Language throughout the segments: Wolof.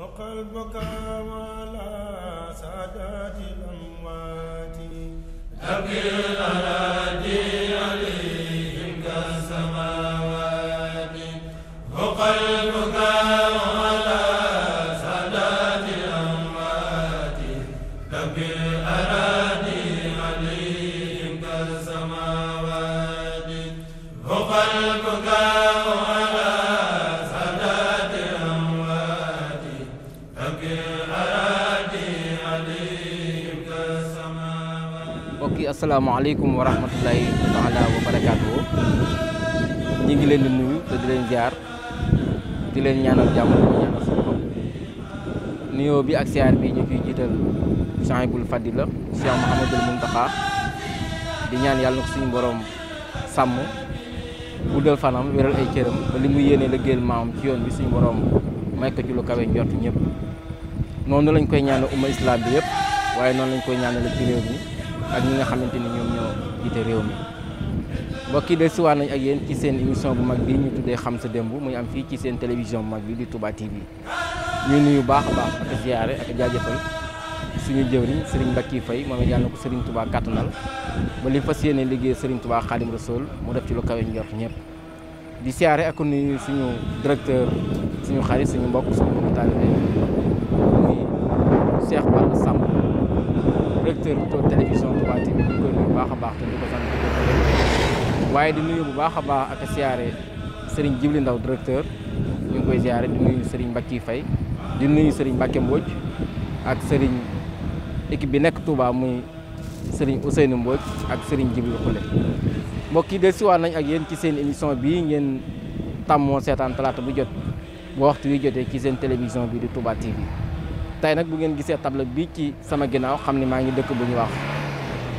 وقلبك على سادات الأموات أبي الأرادي assalamualaikum warahmatullahi rahmatulahi taala wa barakaatu ngi leen di nuyu te di leen jaar di leen ñaanal jàmm di ñaanal suñu bopp nuyoo bi ak siyaar bi ñu koy jiital Cheikhul Fadila Cheikh Mouhamadul muntaha di ñaan yàlla ko suñu borom sàmm guddal fanam wéral ay cëram ba li mu yéene liggéeyal maam ci yoon bi suñu borom may ko ci lu kawe njort ñëpp noonu lañ koy ñaanal umma islam bi yëpp waaye noonu lañ koy ñaanal ci réew mi ak ñi nga xamante ni ñoom ñoo jiite réew mi mbokk de dellusiwaat nañ ak yéen ci seen émission bu mag bi ñu tuddee xam sa démb muy am fii ci seen télévision bu mag bi di Touba TV ñu nuyu baax baax ak ziyaare ak suñu jëwriñ Serigne Mbacke Faye moom it yàlla na ko Serigne Touba kàttanal ba li fas yéene liggéey Serigne Touba Xaadim Rasool mu def ci lu kawe njort ñëpp di siyaare ak suñu directeur suñu xarit suñu mbokk suñu mbokk auditeur télévision Touba TV ñu koy nuyu bu baax a baax te di ko sant di ko gërëm waaye di nuyu bu baax a baax ak siyaare Serigne Djibli Ndaw directeur ñu ngi koy siyaare di nuyu Serigne Mbacke Faye di nuyu Serigne Mbacke Mbodj ak Serigne équipe bi nekk Touba muy Serigne Ousseynou Mbodj ak Serigne Djibli Khoule mbokk yi dellusiwaat nañ ak yéen ci seen émission bii ngeen tàmmoo seetaan talaata bu jot bu waxtu wi jotee ci seen télévision bi di Touba TV. tay nak bu ngeen gisee table bi ci sama ginaaw xamni ni maa ngi dëkk bu ñu wax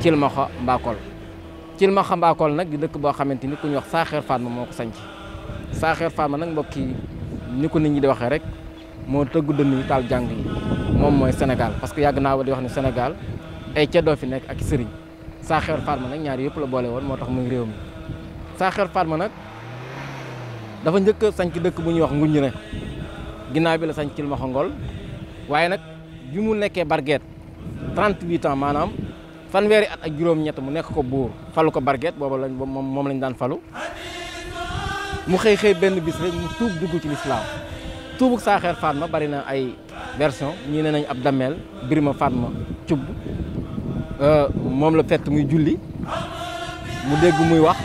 Cilmaxa Mbakol Cilmaxa Mbakol nak di dekk bo xamanteni ni ku ñu wax Saxeer Fatma moko ko sanc Saxeer Fatma nak mbokki yi nit ñi di waxe rek mo teggu dënn yi taal jàng yi moom mooy Sénégal parce que yàgg naa di wax ni senegal ay do fi nek ak serigne Saxeer Fatma nak ñaar yépp la bolé won motax muy rewmi mi Fatma dafa ñëk a sanc dëkk bu wax Nguñu ne ginaaw bi la sanc Cilmaxa Ngol waaye nag bi mu nekkee Barguet 38 ans maanaam fanweeri at ak juróom-ñett mu nekk ko buur falu ko Barguet booba lañ moom lañ daan falu mu xëy xëy benn bis rek mu tuub dugg ci lislaam tuubug Saaxeer Fatma bari na ay version ñii ne nañ ab dammeel Birima ma cubb euh, moom la fekk muy julli mu dégg muy wax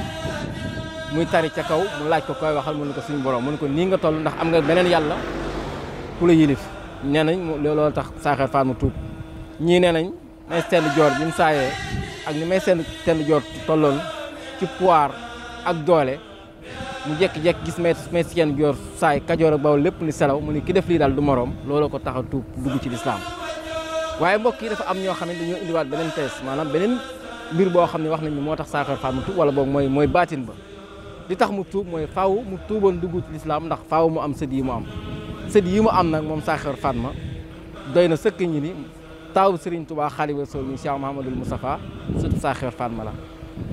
muy tari ca kaw mu laaj ko koy waxal mun ne ko suñu borom mu ne ko nii nga toll ndax am nga beneen yàlla ku la yilif nee nañ loolu tax saaxeer faal mu tuub ñii nee nañ may seen joor bi saaye ak ni may seen seen joor tolloon ci pouvoir ak doole mu jékki-jékki gis may may seen joor saay kajoor ak bawol lépp ni selaw mu ni ki def lii daal du moroom looloo ko tax a tuub dugg ci lislaam waaye mbokk yi dafa am ñoo xam ne dañoo indiwaat beneen tees maanaam beneen mbir boo xam ne wax nañ moo tax saaxeer faal mu tuub wala boog mooy mooy baatin ba li tax mu tuub mooy faaw mu tuuboon dugg ci lislaam ndax faaw mu am sët yi mu am sët yi mu am nag moom Saxiir ma doy na sëkk ñi ni taawu Serigne Touba Xaadimu Rasuul mi Cheikh Mouhamadul Moustapha sët Saxiir Fatma la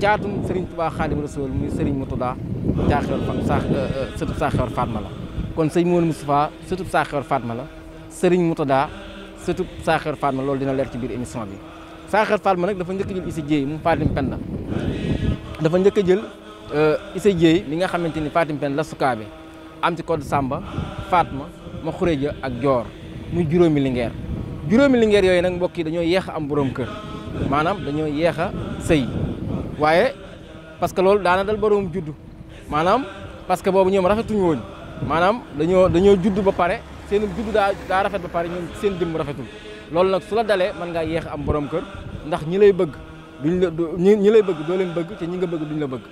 caatum Serigne Touba Xaadimu Rasuul muy Serigne Moutouda Saxiir Fa euh, euh, sëtu Saxiir Fatma la kon sëñ Mouhamadul Moustapha sëtu Saxiir Fatma la Serigne Moutouda sëtu Saxiir Fatma loolu dina leer ci biir émission bi Saxiir ma nag dafa njëkk jël Issa Dieye mu Fatim Penda dafa njëkk a jël euh, Issa Dieye mi nga xamante ni Fatim Penda la sukaabe am ci code Samba ma ma xureja ak jor muy juróomi lingeer juróomi lingeer yoy nak mbokki dañoy yeex a am borom keur manam dañoy yeex a waye parce que lol daana dal borom judd manam parce que boobu ñoom rafetuñu woon manam dañoo dañoo judd ba paré seen judd da da rafet ba paré ñom seen dim rafetul lol nak su la dalé man nga yeex am borom keur ndax ñi lay bëgg duñ la ñi lay bëgg do leen bëgg te ñi nga bëgg duñ la bëgg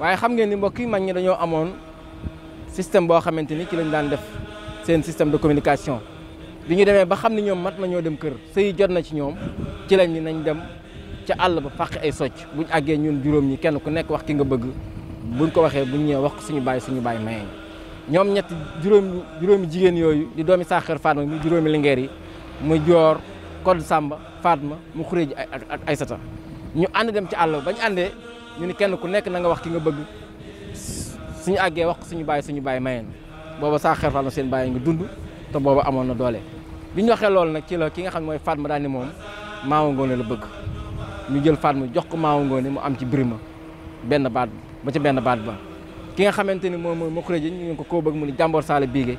waaye xam ngeen ni mbokki mag ñi dañoo amone système bo xamanteni ci lañ daan def seen système de communication bi ñu demee ba xam ne ñoom mat na ñoo dem kër sëy jot na ci ñoom ci lañ ñi nañ dem ca àll ba fàq ay socc buñ àggee ñun juróom ñi kenn ku nekk wax ki nga bëgg buñ ko waxee buñ ñëwee wax suñu bàyyi suñu bàyyi mayeñ ñoom ñett juróomi juróomi jigéen yooyu di doomi saaxar Fatma mu juróomi lingeer yi mu joor Code Samba Fatma mu xuréeji ak ak Aysata ñu ànd dem ci àll ba bañ àndee ñu ni kenn ku nekk na nga wax ki nga bëgg suñu àggee wax suñu bàyyi suñu bàyyi mayeen booba saa xeer faal na seen bàyyi ngi dund te booba amoon na doole bi ñu waxee loolu nag ci la ki nga xam mooy Fatma daal ni moom Maawa Ngoone la bëgg ñu jël Fatma jox ko Maawa Ngoone mu am ci Birima benn baat ba ca benn baat ba ki nga xamante ni moom mooy Mokure ji ñu ko koo bëgg mu ni jàmboor saala biige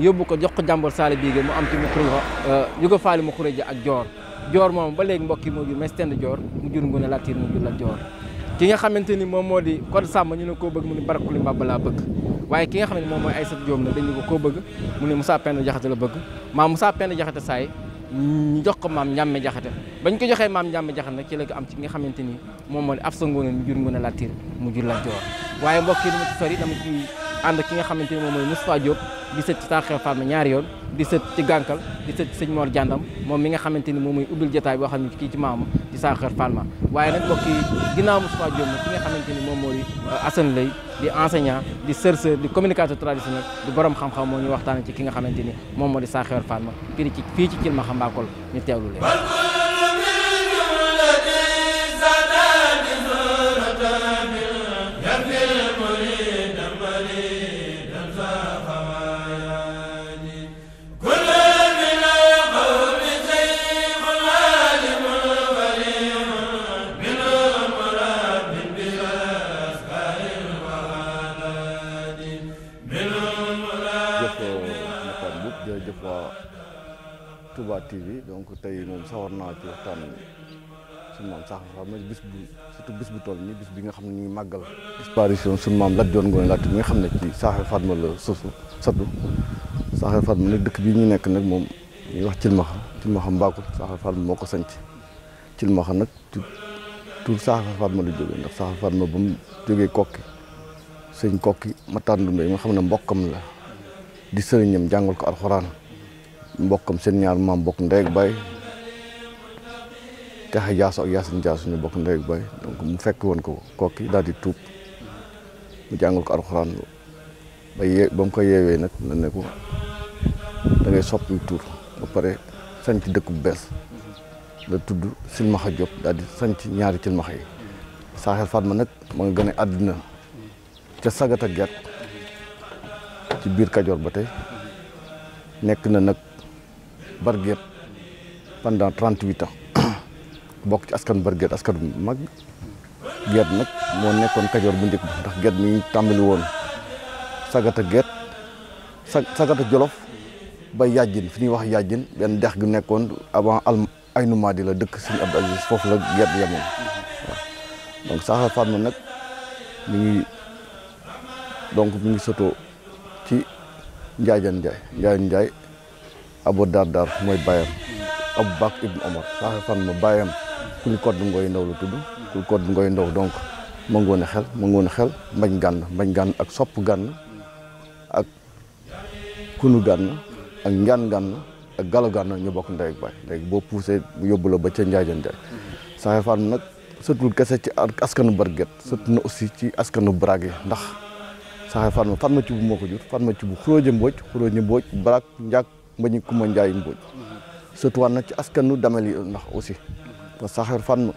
yóbbu ko jox ko jàmboor saala biige mu am ci Mokure euh, yu ko faali Mokure ak joor joor moom ba léegi mbokk yi moo jur mestend joor mu jur Ngoone Latiir la joor ki nga xamante ni moom moo di kon sàmm ñu ne koo bëgg mu ni barakuli mbàbb laa bëgg waaye ki nga xam ne moom mooy Aïssatou Diop nag dañu ko koo bëgg mu ne Moussa Penda Diakhaté la bëgg maam Moussa Penda Diakhaté saay ñu jox ko maam Ndiamé Diakhaté bañ ko joxee maam Ndiamé Diakhaté na ci la ko am ci nga xamante ni moom moo di Absa Ngoné mu jur Ngoné Latyr mu jur Lat waaye mbokk yi dama ci ànd ki nga xamante ni moom mooy Moustapha Diop di sët ci taaxee Fatma ñaari yoon di sët ci gànkal di sët ci sëñ Mor Jàndam moom mi nga xamante ni moom mooy ubbil jotaay boo xam ne kii ci maamam Issa Khër Falma waaye nag mbokk yi ginnaaw Moustapha Diop nag ki nga xamante ni moom moo di euh, Assane Lay di enseignant di chercheur di communicateur traditionnel di borom xam-xam moo ñu waxtaan ci ki nga xamante ni moom moo di Issa Khër Falma fii ci fii ci Thilmakha Mbakol ñu tivi dong kutai moom sawar warna ci semua suñu maam sax xam bis bu satu bis butol ni bis binga kam xam magal bis paris yang disparition suñu maam Lat lagi Ngoone Latyr mi nga xam ne ci Saaxel Fatma la sosu saddu Saaxel Fatma nag dëkk bi ñu nekk nag moom ñuy wax Cilmaxa Cilmaxa Mbaakul Saaxel Fatma moo tu sanc Cilmaxa nag tur Saaxel Fatma la jógee ndax Saaxel Fatma koki mu koki kokki sëñ kokki Matar Ndumbe yi nga xam ne mbokkam la di sëriñam jàngal mbokam seen ñaar mbok bokk ndeeg bay Kaxa so ya sen Jaas suñu bokk ndeeg bay donc mu fekk won ko kooki dal di tup mu jangul ko alxuraan ba ye bam ko yewé nak na ne ko da ngay soppi tour ba pare sanc dëkk bu bees la tudd silmaxa Diop dal di sanc ñaari ma xey Fatma nak ma nga aduna ci sagata sagat ci bir kadior batay nek na nak Barguet pendant 38 ans bok ci askan Barguet askan mag Guet nak mo nekkon Kajoor bu ndik ndax Guet mi tambali won sagata Guet sagata Jolof ba yàjjin fini wax yàjjin ben dex gu nekkon avant al aynu madi la dekk sin Abdou Aziz fofu la Guet yemoon donc sa Fatma nag mi ngi donc mi ngi soto ci Njaajan Njaay Njaajan Njaay Abu dardar moy bayam Abu bak ibn omar Sahafan mo bayam kul kodd ngoy ndaw la tudd kul kodd ngoy ndaw donc ma ngone xel ma ngone xel bañ gan bañ gan ak sop gan ak kunu gan ak ngan gan ak galo gan ñu bok ndey ak bay léegi boo poussé yóbbu la ba ca njaajan Sahafan nak nag sëtul ci askanu barget sët na aussi ci askanu brague ndax saxe fan ma ci bu moko jur fan ma ci bu xuróoje mbooj xuróoje mbooj brak njàkk Mbagnick kuman Ndiaye Mbodj sëtuwaat na ci askanu nu yi ndax aussi parce que fan ma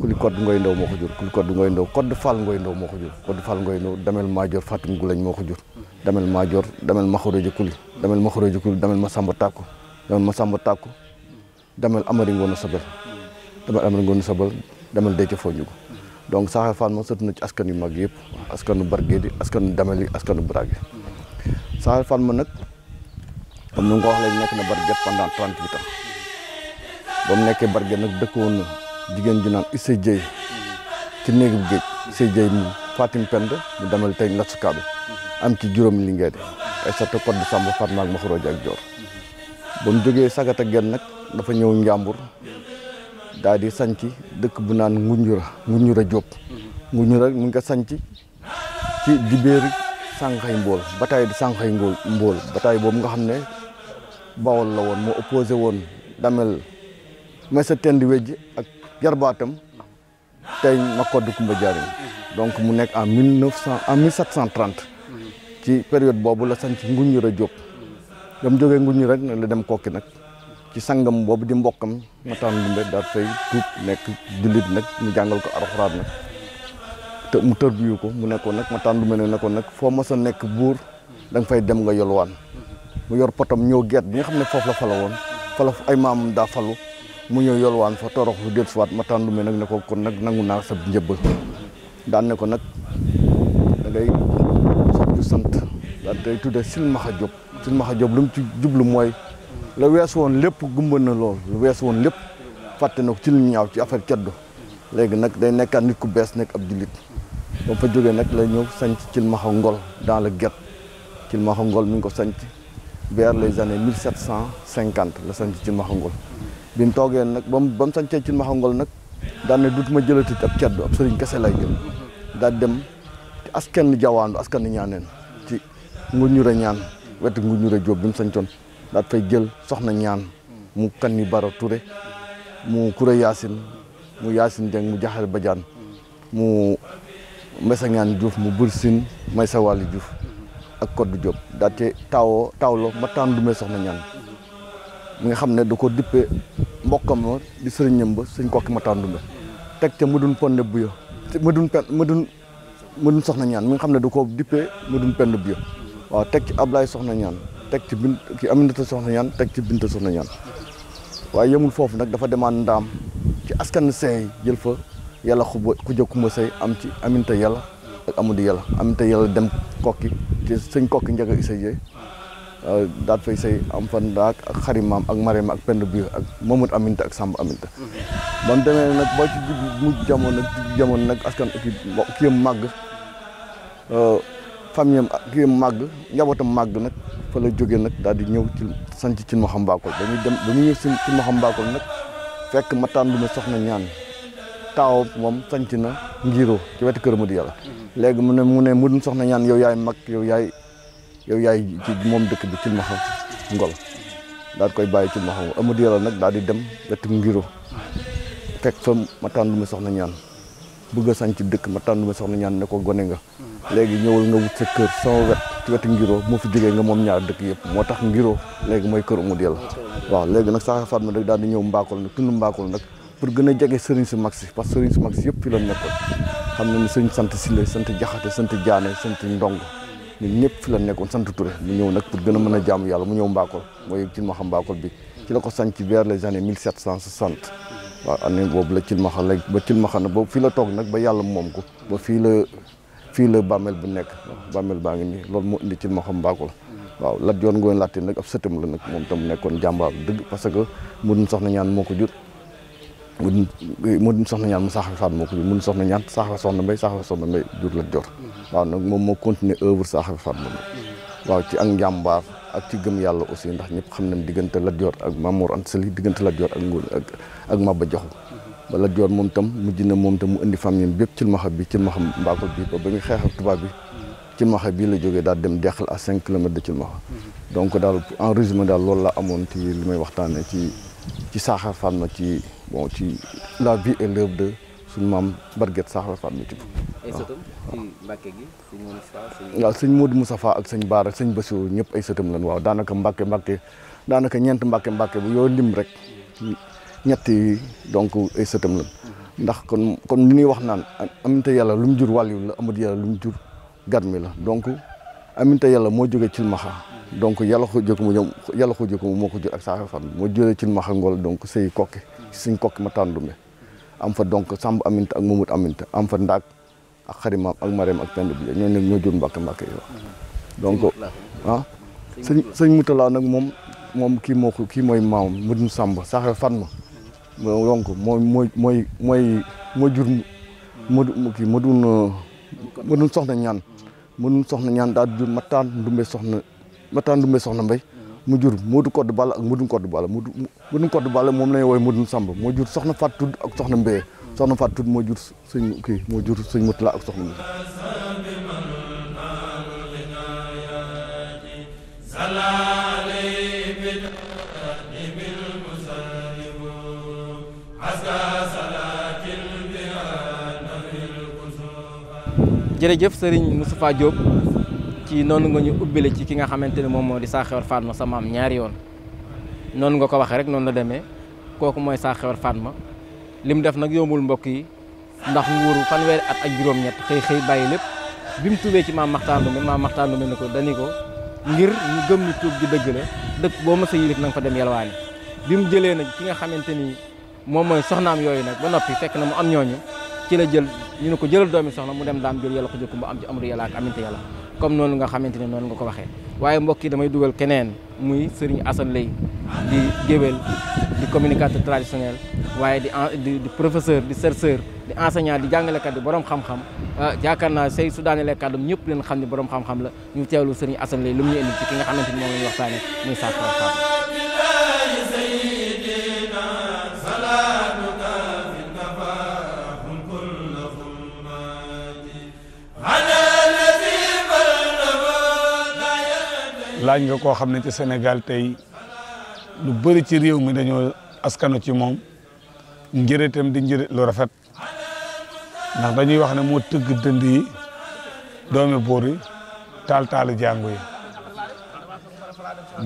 kuli kodd ngoy ndaw moko ko jur kuli kodd ngoy ndaw kodd fal ngoy ndaw moko jur kodd fal ngoy ndaw damel major fatim gulañ moo ko jur damel maajoor damel maxorojo kuli damel maxorojo kuli damel masamba tàkku damel masamba tàkku damel amari ngono sabal damel amari ngono sabal damel ci foñugo donc saxar fan mo sëtu ci askan yu mag yep askanu bargee askanu damel askanu brage saxar fan mo nak comme nu ngox lañ nekk na barge pendant 38 ans ba mu nekkee de nag dëkkoon jigéen ju nan Issa Dieye ci néegu geej Issa Dieye mu Fatim Pend mu demal tey natsuka am ci juróomi lingeer ay to code samba Fatma ak Maxroja ak Dior ba mu jógee sagata gen nak dafa ñew njambur daal di sanc dëkk bu nan Ngunjura Ngunjura Diop Ngunjura mu nga sanc ci dibéeri sànqay mbol bataay di sànqay mbol mbol bataay boobu nga xamne bawol la woon moo opposé woon damel Maysa Tend Wejj ak jarbaatam tey Makoddu Kumba Jaariñ donc mu nekk en mille neuf cent en mille ci période boobu la sanc Nguñur a jóg dam jógee Nguñur rek nag la dem kokki nag ci sangam boobu di mbokkam Mataan Dumbe daal fay tuub nekk jullit nag ñu jàngal ko alxuraan nag te mu tërbiyu ko mu nekkoon nag Mataan Dumbe ne nekkoon nag foo mos a nekk buur da fay dem nga yolwaan mu yor potam ñoo geet bi nga xam la fala fa la ay da fa falu mu yol waan fa torox lu déet suwaat ma tàndume nag ne ko kon nak nanguna sa njëbbal daan ne ko nag da ngay ci sant da tey tudde silmaxa jóg silmaxa job lu ci jublu moy la wess won lepp gumbe na lool lu wess won lepp fàtte nak ci ñaaw ci affaire ceddo léegi nak day nekkat nit ku bes nekk abdulit ba fa nak la ñëw sanc cilmaxa ngol dans le ngol mi ngi ko vers les années 1750 la sanc ci Maxangol bi mu toogee nag ba mu ba mu sancee ci Maxangol nag daan ne dutuma jëlatit ab ceddu ab sëriñ kese lay jël daal dem ci askan jawaandu askan ñaaneen ci Nguñure ñaan wetu Nguñure Jóob bi mu sancoon daal fay jël soxna ñaan mu kan yi bara Touré mu Kura Yaasin mu Yaasin Jeng mu Jaxal Bajaan mu Mbesangaan Diouf mu Bursin Maysa Wali Diouf ak Codé Diop daate taawoo taawlo ma taan dumee soxna ñaan mi nga xamné ne da ko dippee mbokkam ma di sëriñam ba sëñ kokki ma tan dumé tek té mudun dun ponne buya mudun dun pen mudun dun mu soxna ñaan mi nga xamné ko dippee mudun dun penn buya ci Ablaye soxna ñaan tek ci bint ki Aminata soxna ñaan tek ci Binta soxna ñaan wa yëmul fofu nak dafa demand ndam ci askan sey jël fa yalla xubbu ku jëkku ma sey am ci aminta yalla ak amudi yàlla aminta yalla dem kokki sëñ kokki njaga isa yee daat fay say am fan daak ak xarimaam ak marema ak pend biir ak mamut aminta ak samb aminta bam demee nag ba ci mujj jamono nag jamono nag askan ki kiyam màgg famiyam kiyam màgg njabootam màgg nag fa la jógee nag daal di ñëw ci sanc ci ma xam mbaakol dañuy dem dañuy ñëw ci xam mbaakol nag fekk mataan lu ma soxna ñaan taaw moom sanc na njiiroo ci wetu kër Mody Yàlla léegi mu ne mu ne mu soxna ñaan yow yaay mag yow yaay yow yaay moom dëkk bi ci maxaw ngol daal koy bàyyi ci maxaw Mody Yàlla nag daal di dem wetu ngiroo fekk fa ma tànn lu ma soxna ñaan bëgg a sanc dëkk ma tànn lu ma soxna ñaan ne ko gone nga léegi ñëwal nga wut sa kër wet ci wetu ngiroo moo fi jógee nga moom ñaar dëkk yëpp moo tax ngiroo léegi mooy kër Mody Yàlla waaw léegi nag saxa faat ma rek daal di ñëw mbaakol nag tund mbaakol nag pour gën a jege sëriñ su mag si parce que sëriñ su mag si yëpp fi la nekkoon xam na sëriñ sant Sile sant Jaxate sant Jaane sant Ndong ñun ñëpp fi la nekkoon sant Touré mu ñëw nag pour gën a mën a jaamu yàlla mu ñëw Mbakol mooy ci ma xam Mbakol bi ci la ko sànc vers les années 1760 waaw année boobu la cilmaxa léegi ba cilmaxa na boobu fii la toog nag ba yàlla moom ko ba fii la fii la bàmmeel bu nekk bàmmeel baa ngi nii loolu moo indi cilmaxa Mbakol waaw Lat Joor Ngoone Laatiir nag ab sëtam la nag moom tam nekkoon jàmbaar dëgg parce que mun na ñaan moo ko jur mu soxna ñaan mu saaxawe faat moo ko jur mun soxna ñaan saaxawe soxna mbay saaxawe soxna mbay jur la jor mm-hmm. waaw nag moom moo continuer œuvre saaxawe faat moom mm-hmm. waaw ci ak njàmbaar ak ci gëm yàlla aussi ndax ñëpp xam nañ diggante Lat Joor ak Mamour Anta Sali diggante Lat Joor ak Ngoon ak ak Maba Jaxu mm-hmm. ba Lat Joor moom tam mujj na moom tam mu indi famille bépp ci maxam bi ci maxam mbaakol bi ba ba muy xeex ak tubaab bi ci maxa bii la jógee daal dem deqal à cinq kilomètres de ci maxa donc daal en résumé daal loolu la amoon ci li may waxtaane ci ci saaxar Fatma ci bon ci la vie et l'œuvre de suñu mam barget sax la fàmm ci ay sëtam ci mbacke gi sëñ Moustapha waaw sëñ Modou Moustapha ak sëñ Baara sëñ Bassirou ñep ay seutum lan waaw daanaka mbàkke mbàkke daanaka ñeent mbàkke mbàkke bu yo lim rek ñetti donc ay seutum lan ndax kon kon ni ñuy wax naan aminte yalla lu mu jur waliw la amut yalla lu mu jur gadmi la donc aminte yalla mo joge ci maxa donc yalla ko jëkku mu ñoom yàlla ko jëkku mu moo ko jur ak saa fam mo jëlé ci maxa ngol donc sey kokke suñ kokki ma me am fa donc samb aminta ak mumut aminta am fa ndak ak kharima ak marem ak pend bi ñoo ñoo jur mbàkk mbàkk yi donc ah sing, sing mutala nak mom mom ki moko ki moy mooy maam mëdum sàmb saxe fan ma donc moy moy moy moy mo jur mëdu ki mudun mudun soxna ñaan mudun soxna ñaan daal matan mataan ndumbe soxna mataan ndumbe soxna mbay mu jur Modou Codé Balla ak Modou Codé Balla Modou Modou Codé Balla moom la ñuy woowee Modou Samba moo jur soxna Fat Tudd ak soxna Mbéye soxna Fat Tudd moo jur sëñ kii moo jur sëñ Mutula ak soxna Mbéye jërëjëf Serigne Moustapha Diop ci noonu nga ñu ubbile ci ki nga xamante ne moom moo di saa xewar Fatma sa maam ñaari yoon noonu nga ko waxee rek noonu la demee kooku mooy saa xewar Fatma lim def nag yombul mbokk yi ndax nguuru fanweeri at ak juróom-ñett xëy xëy bàyyi lépp bi mu tuubee ci maam Maxtaar Ndumbe maam Maxtaar Ndumbe ni ko dani ko ngir ñu gëm ni tuub gi dëgg la dëkk boo mës a yilif na nga fa dem yalwaani bi mu jëlee nag ki nga xamante ni moom mooy soxnaam yooyu nag ba noppi fekk na mu am ñooñu ci la jël ñu ne ko jëlal doomi soxna mu dem daam jël yàlla ko jëkku mu am ci amru yàlla ak comme noonu nga xamante ne noonu nga ko waxee waaye mbokk yi damay dugal keneen muy Serigne Assane Lay di géwél di communicateur traditionnel waaye di di professeur di chercheur di enseignant di jàngalekat di borom xam-xam ah, yaakaar naa say su daanelee kàddu ñëpp leen xam ne borom xam-xam la ñu teewlu Serigne Assane Lay lu mu ñu indi ci ki nga xamante ni moom la ñu waxtaanee muy Saafara Samb laaj nga koo xam ne ci senegal tey lu bëri ci réew mi dañoo askanu ci moom njëritam di njërit lu rafet dañuy wax ne moo tëgg dënd yi doomi yi taal jàngu yi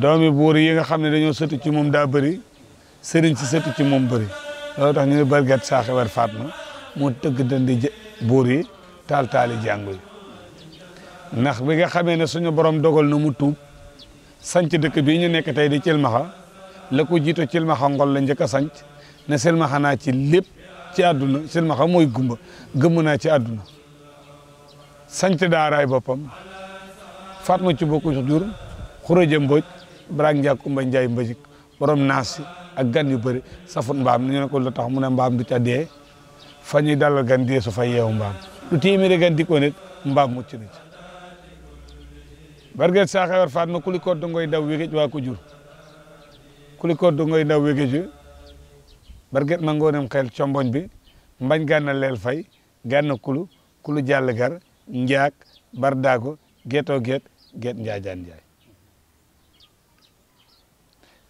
doomi buur yi nga xam ne dañoo sëtu ci moom daa bëri sëriñ si sëtu ci moom bëri loolu tax ñu ne barget war faat moo tëgg dëndi buur yi taal taali jàngu yi ndax bi nga xamee ne suñu borom dogal na mu tuub sanc dëkk bii ñu nekk tey di cilmaxa la ko jiito cilmaxa ngol la njëkk a sanc ne silmaxa naa ci lépp ci àdduna silmaxa mooy gumba gëmm naa ci àdduna sanc daaraay boppam Fatma ci bokku jur xuraja mboj braak mba njaay mbajik borom naasi ak gan yu bëri safut mbaam ñu ne ko lu tax mu ne mbaam du ca dee fa ñuy dalal gan dee su fa yeewu mbaam lu téeméeri gan di ko nit mbaam mucc na ci barget saxewar fatma kulikot dongoy daw wegej wa ko jur kulikot dongoy daw wegej barget mangonem xel comboñ bi mbañ gànna leel fay gànna kulu kulu jàll gar njaak bardago geto get get njaajaan njaay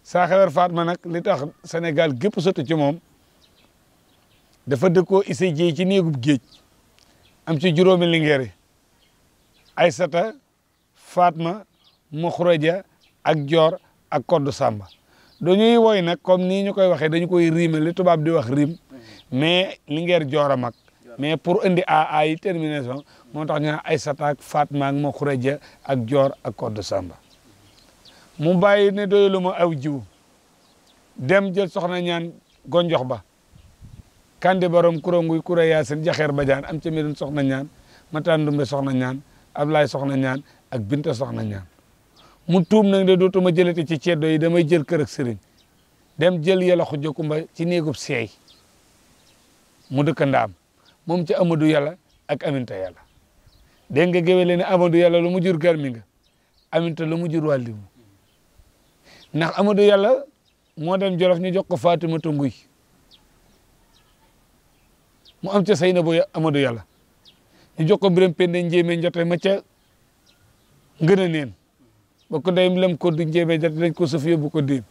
saaxewar fatma nag li tax sénégal gépp sotu ci moom dafa dëkkoo isa jiy ci néegub géej am ci juróomi lingeeri ay sata fatma mukhraja ak jor ak kordu samba dañuy woy nak comme ni ñukoy waxe dañ koy riime li tubab di wax rim mais li ngeer joor mais pour indi a a yi termination motax ñu ay ak fatma ak mukhraja ak jor ak kordu samba mu bàyyi ne doyuluma aw jiw dem jël soxna ñaan gonjox ba kande borom nguy kura yasin jaxer badian am ci mirin soxna ñaan matandu dumbe soxna ñaan ablay soxna ñaan ak binta soxna ñaan mu tuum nak de dootuma jëlati ci ceddo yi damay jël kër ak sëriñ dem jël yàlla xu jokkumba ci néegub seey mu dëkk ndaam moom ci amadu yàlla ak aminta yàlla dégg nga géwéle ne amadu yàlla lu mu jur garmi nga aminta lu mu jur wàllimu ndax amadu yàlla moo dem jolof ñu jox ko fatima ta nguy mu am ca sayna na bo yàlla ñu jox ko biram pende njéeme njote ma ca gën a neen bokko dayim lam koddu njeeɓe jat dañ ko sof yóbbu ko diim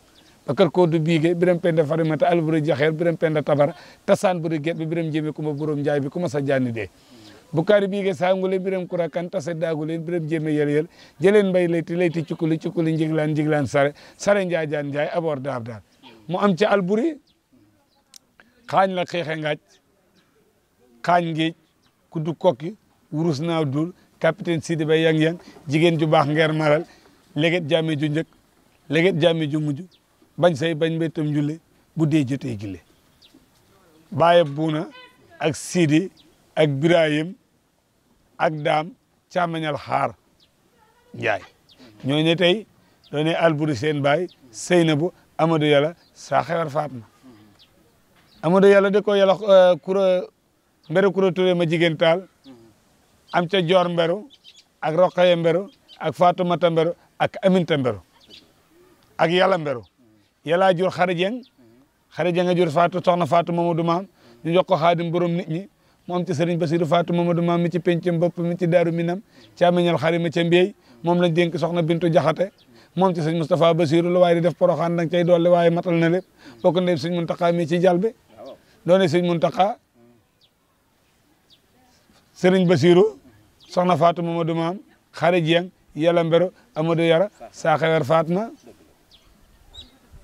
bakar koddu biige biram penda farimata alburi jaxeer biram penda tabara tasaan buri get bi biram njéeme kuma borom njaay bi kuma sa jaani dee bukari biige saangule biram kurakan tase daagule biram njéeme yel yel jëleen mbay layti layti cukkuli cukkuli njiglaan njiglaan sare sare njaajaan njaay abor daab daab mu am alburi xaañ la xeexe ngaaj xaañ ngiej ku du kokki wurus naaw dul capitaine sidi bay yang yang jigen ju bax ngeer maral leget jami ju ñeuk leget jami ju muju bañ say bañ betum julle budé jotté gilé baye buna ak sidi ak Ibrahim, ak dam chamagnal xaar ñay ñoñe tay doone alburu sen bay seynabu amadou yalla sa xewar fatma amadou yalla de ko yalla eh, kura mbere kura touré ma jigen tal am ca jor Mberu ak Roqaye Mberu ak fatumata Mberu ak Aminta Mberu ak yalla Mberu yalla jur Xari Jeng a jur fatu soxna fatu Mamadou mam ñu jox ko Xaadim borom nit ñi mom ci Serigne Bassirou fatu Mamadou mam mi ci pencum bop mi ci daru Minam ci amignal xari ci mbey mom lañ denk soxna Bintu Jaxate mom ci serigne mustapha Bassirou lu way di def poroxaan dang cey doole waaye matal na lepp bokk na serigne muntaka mi ci jalbe doone serigne muntaka. Serigne bersiru soxna Fatou Mamadou mam, xare Dieng beru mbero Amadou Yara sa xewer Fatma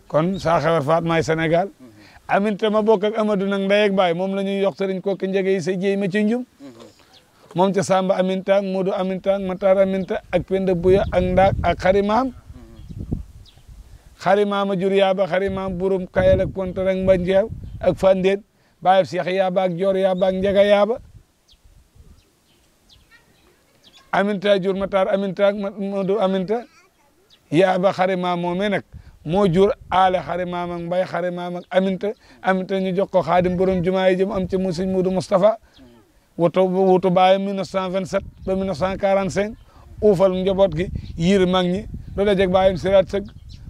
kon saa xewer ay senegal aminte tama bok ak Amadou nak nday ak bay mom lañuy yox serigne ko kooku njege sey jey ma ci njum mom ci Samba Aminta ak Modou Aminta ak Matar Aminta ak pende Buya ak ndak ak xari maam xari maam a jur burum kayel ak kontar ak mbanjeew ak fandet bàyyi Seex yaaba ak Joor yaaba ak Njaga aminta jur mataar aminta ak Modou aminta yaa ba xare maam moomee nag moo jur aale xare maam ak mbay xare maam ak aminta aminta ñu jox ko xaadim borom jumaa yi jëm am ci Sëñ Modou Moustapha wutu wutu baayam 1927 ba 1945 uufal njaboot gi yiir mag ñi do dajeg baayam siraat sëgg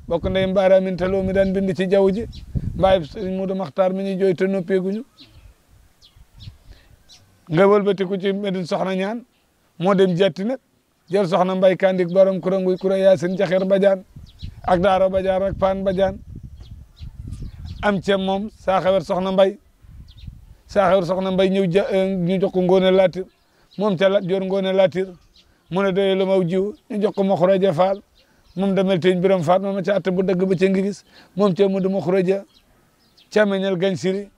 bokk ndey mbaari aminta loo mi daan bind ci jaww ji mbaayam Sëñ Modou Maxtaar mi ñuy jooy te noppeeguñu nga wëlbatiku ci Medine soxna ñaan moo dem jetti nag jël soxna mbay kandik borom kuranguy kura yaasin jaxeer bajaan ak daaro bajaan ak paan bajaan am ceeb moom saa xewar soxna mbay saa xewar soxna mbay ñëw euh, ñu jox ko ngoone laatir moom ca la joor ngoone laatir mu ne doye lu jiw ñu jox ko maxuraja moom damel teñ biram faat moom ca atta bu dëgg ba ca gis moom ca mu du maxuraja cameñal gañ siri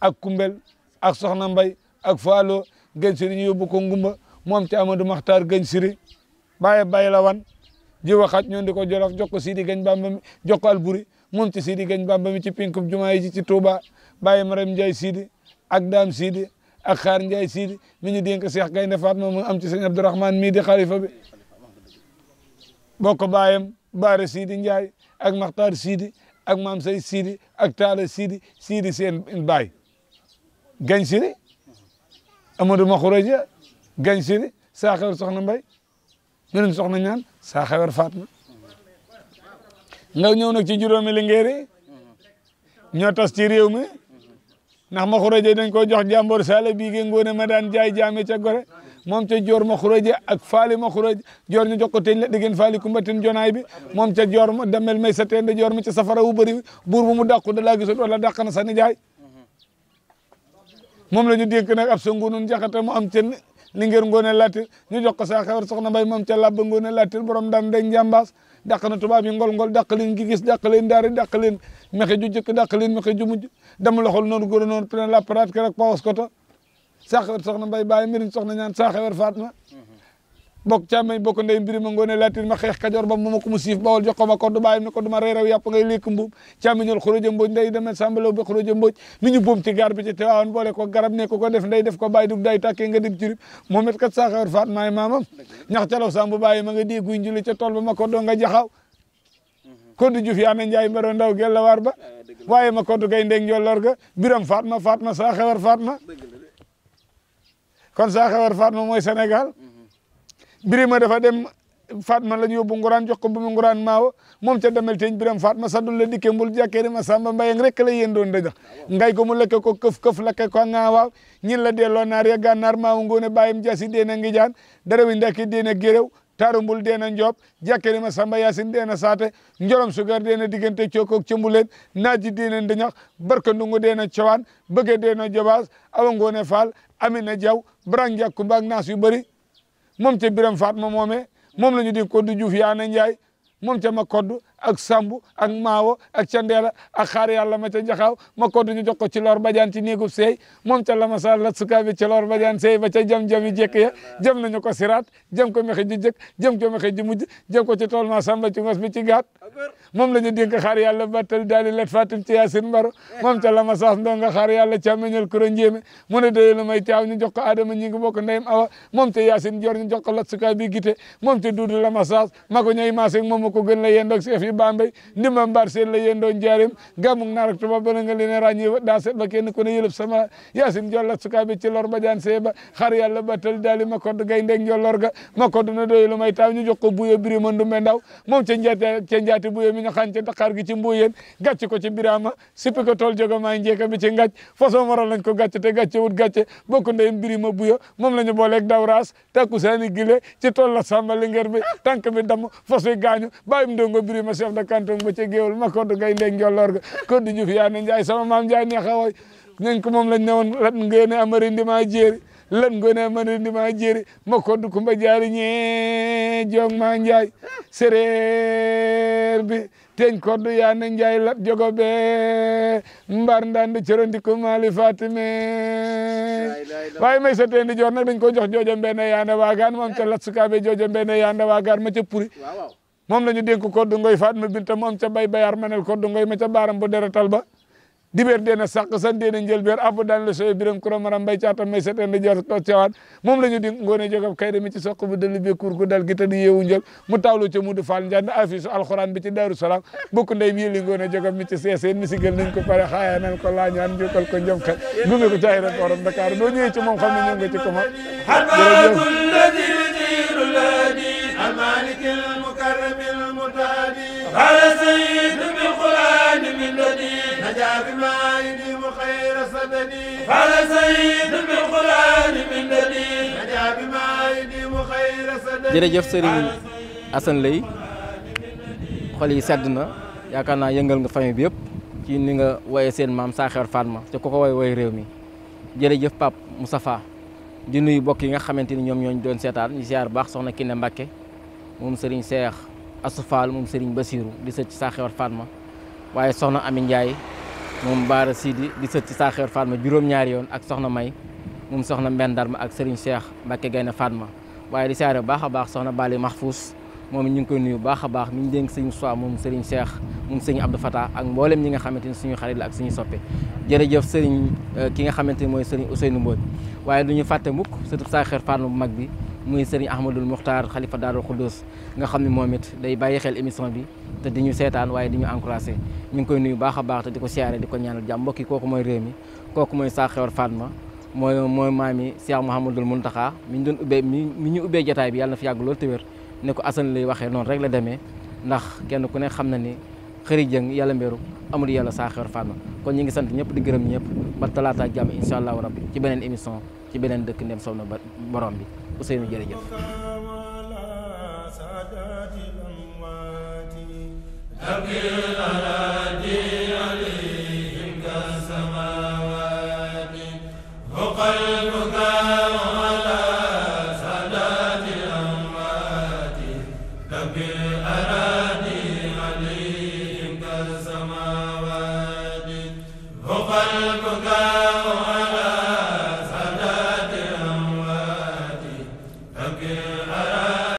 ak kumbel ak soxna mbay ak faalo gañ siri ñu yóbbu ko ngumba mom ci amadou makhtar gën siri baye baye lawan wan ji waxaat ñoon di ko jolof sidi gën bamba mi al buri alburi moom ci sidi gën bamba mi ci pinkum jumaa yi ci touba baye maram siri sidi ak dam sidi ak xaar njaay sidi mi ñu denk cheikh gaynde fatma mu am ci seigne abdourahman mi di khalifa bi bokk bayam bare sidi njaay ak makhtar sidi ak mam say sidi ak tala sidi sidi sen baay gañ siri amadou gañ sini saa xewar soxna mbay ñun soxna ñaan sa xewr fatma nga ñew nak ci juróomi lingeeri ño tass ci réew mi ndax ma xuraje dañ ko jox jambor saale bi ge ngone ma daan jaay jaame ca gore mom ca jor ma xuraje ak faali ma xuraje jor ñu jox ko teñ la faali kumba ten jonaay bi mom ca jor ma damel may sa jor jor ma ca safara wu bari bur bu mu dàqu da la gisul wala dàq na sa ni jaay la lañu dénk nak ab sangunun jaxata mu am cen li ngeen ngoone latir ñu jox ko saa xewar soxna mbay moom ca labba ngoone latir borom daan day njàmbaas dàq na tubaab yi ngol-ngol dàq leen gi gis dàq leen daari dàq leen mexe ju jëkk dàq leen mexe ju mujj dama loxol noonu góor noonu pren la parate ke rek pawos koto saa xewar soxna mbay bàyyi mbiriñ soxna ñaan saa xewar faatma bokk càmmeñ bokk ndey mbiri ma ngoone laatin ma xeex kajoor ba mu ko mu siif bawol jox ko ma ko du bàyyim ne ko du ma reeraw yàpp ngay lekk mbuub càmmeñol xurója mbooj ndey demet sàmbalaw bi xurója mbooj mi ñu boom ci gaar bi ci teewaawoon boole ko garab ne ko ko def ndey def ko bàyyi dug day tàkkee nga dem cirib moom it kat saaxawar faat maay maamam ñax calaw ma nga dee guy njuli ca tool ba ma ko doo nga jaxaw kon du juf yaa na njaay mbero ndaw gella ba waaye ma ko du gay ndeg njolloor ga biram faat ma faat ma saaxawar faat ma kon saaxawar faat mooy Sénégal biri birima dafa dem Fatma lañ bu nguraan jox ko bu mu nguraan maawa moom ca demel teñ biram Fatma sadul la dikke mbul jàkkeeri ma samba mbayeng rek la yéen doon dajax ngay ko mu lekke ko këf-këf lakke ko ŋaawaaw ñin la delloo naar ya gànnaar maawu ngoone bàyyim jasi deena ngi jaan dara wi ndekki deena géréw taaru mbul deena njoob jàkkeeri ma samba yaasin deena saate njorom sugar deena diggante cookoog cëmbuleen naaji deena ndañax barkandungu deena cowaan bëgge deena jobaas awa ngoone faal amina jaw brang jàkku mbaag naas yu bëri moom ca Biram Fatma moomee moom la ñu di koddu Diouf yaa na Njaay moom ca ma koddu ak sambu ak mawo ak candeela ak xaar yalla ma ca jaxaw ma ko duñu jox ko ci lor badian ci néegub sey mom ca lama sal la suka bi ci lor badian sey ba ca jam jam jek ya jam nañu ko sirat jam ko mexe ji jek jam ko mexe ji mujj jëm ko ci tol ma samba ci ngos bi ci gat mom lañu denk dénk xaar yàlla battal daali lat fatim ci yasin mar mom ca lama saas ndonga xaar yàlla càmmeñal kuro njéeme mu ne lu may taw ñu jox ko adama ñi ngi bok ndeyam awa mom ca yasin jor ñu jox ko lat suka bi gite mom ca duudu lama sax mako ko ma maasee mom ko gën la yendog sey ci bambe ndimba mbar sen la yendo ndiarim gamu narak to babana ngali ne rañi da set ba ken ko ne yelef sama yasin jolla suka be ci lor ba seba xar yalla batal dali ma ko gay ndeng jollor ga ma do na doy lu may taw ñu jox ko buye biri mo ndu mendaw mom ci njati ci njati buye mi nga xan ci takar gi ci mbuyen gatch ko ci birama sipi ko tol jogo may ndieka bi ci ngacc façon waral lañ ko gatch te gatch wut gatch bokku ndey biri ma buyo mom lañu bolé ak dawras takusani gile ci tol la samba lingeer bi tank bi dam façon gañu bayum ndongo biri ma chef de canton ba ca géewul ma koddu gay ndeg njolloor ga koddu Diouf yaa ne sama maam Njaay neexa way ñañ ko moom lañ ne woon lan ngeen amari ma koddu kumba jaari ñee jong ma Njaay séréer bi teñ koddu yaa ne Njaay jogo be mbar ndandi corondi ko maali Fatime waaye may sa teen di joor nag dañ ko jox joojo mbene yaane ma ca puri moom la ñu dénk koddu ngoy Fatma Binta moom ca bay bayar manel koddu ngoy ma ca baaram bu deretal ba dibéer deena sàq san deena njëlbéer abu daan la soye biram kuro maram mbay caatam may sa teen da ko cawaan moom la ñu dénk ngoone jogab kay demi ci soq bu dëlli bi kuur gu dal gi di yeewu njël mu tawlu ca mudu fall njand afisu alxuraan bi ci daaru salaam bokk ndey mi li ngoone jogab mi ci sigal nañ ko pare xaaya nan ko laañaan njukal مالك المكرم المتادي قال سيد بالقران من لدي نجا بما يديم خير صددي قال سيد بالقران من لدي نجا بما يديم خير صددي جërëjëf Serigne Assane Lay xol yi sedd na yaakaar nga fami bi yëpp ci ni nga woye seen maam Saxeer Fatma te ku way way rew mi jere jërëjëf pap mustafa di nuyu bokki nga xamanteni ñom ñoom doon seetaan ñu ziar bax soxna Kiné Mbacké moom Serigne Cheikh Assou moom Serigne Bassirou di sët ci Saxewar Fatma waaye soxna Ami Ndiaye moom Baara Sidi di sët ci Saxewar Fatma juróom-ñaari yoon ak soxna May moom soxna Mbendarma ak Serigne Cheikh Mbacke Gaynde Fatma waaye di siyaare bu baax a baax soxna Bali Mahfous moom ñu ngi koy nuyu baax a baax mi ngi dénk sëñ soi moom Serigne Cheikh moom Serigne Abdou Fatah ak mboolem ñi nga xamante ni suñu xarit la ak suñu soppe jërëjëf Serigne euh, ki nga xamante ni mooy Serigne Ousseynou Mbodj waaye du ñu fàtte bu mag bi muy sëriñ Ahmadul Muxtaar xalifa Daarul Xuddus nga xam ne moom it day bàyyi xel émission bi te di ñu seetaan waaye di ñu encouragé ñu ngi koy nuyu baax a baax te di ko siyaare di ko ñaanal jàmm mbokk yi kooku mooy réew mi kooku mooy saa xewar Fatma mooy mooy maam yi Cheikh mun Muntaxa mi ñu doon ubbee mi ñu ubbee jotaay bi yàlla na fi yàgg loolu te wér ne ko Assane lay waxee noonu rek la demee ndax kenn ku ne xam na ni xëri jëng yàlla mbéru amul yàlla saa xewar kon ñu ngi sant ñëpp di gërëm ñëpp ba talaata ak jàmm incha allahu rabbi ci beneen émission ci beneen dëkk ndem soob na borom bi Ousseynou jërëjëf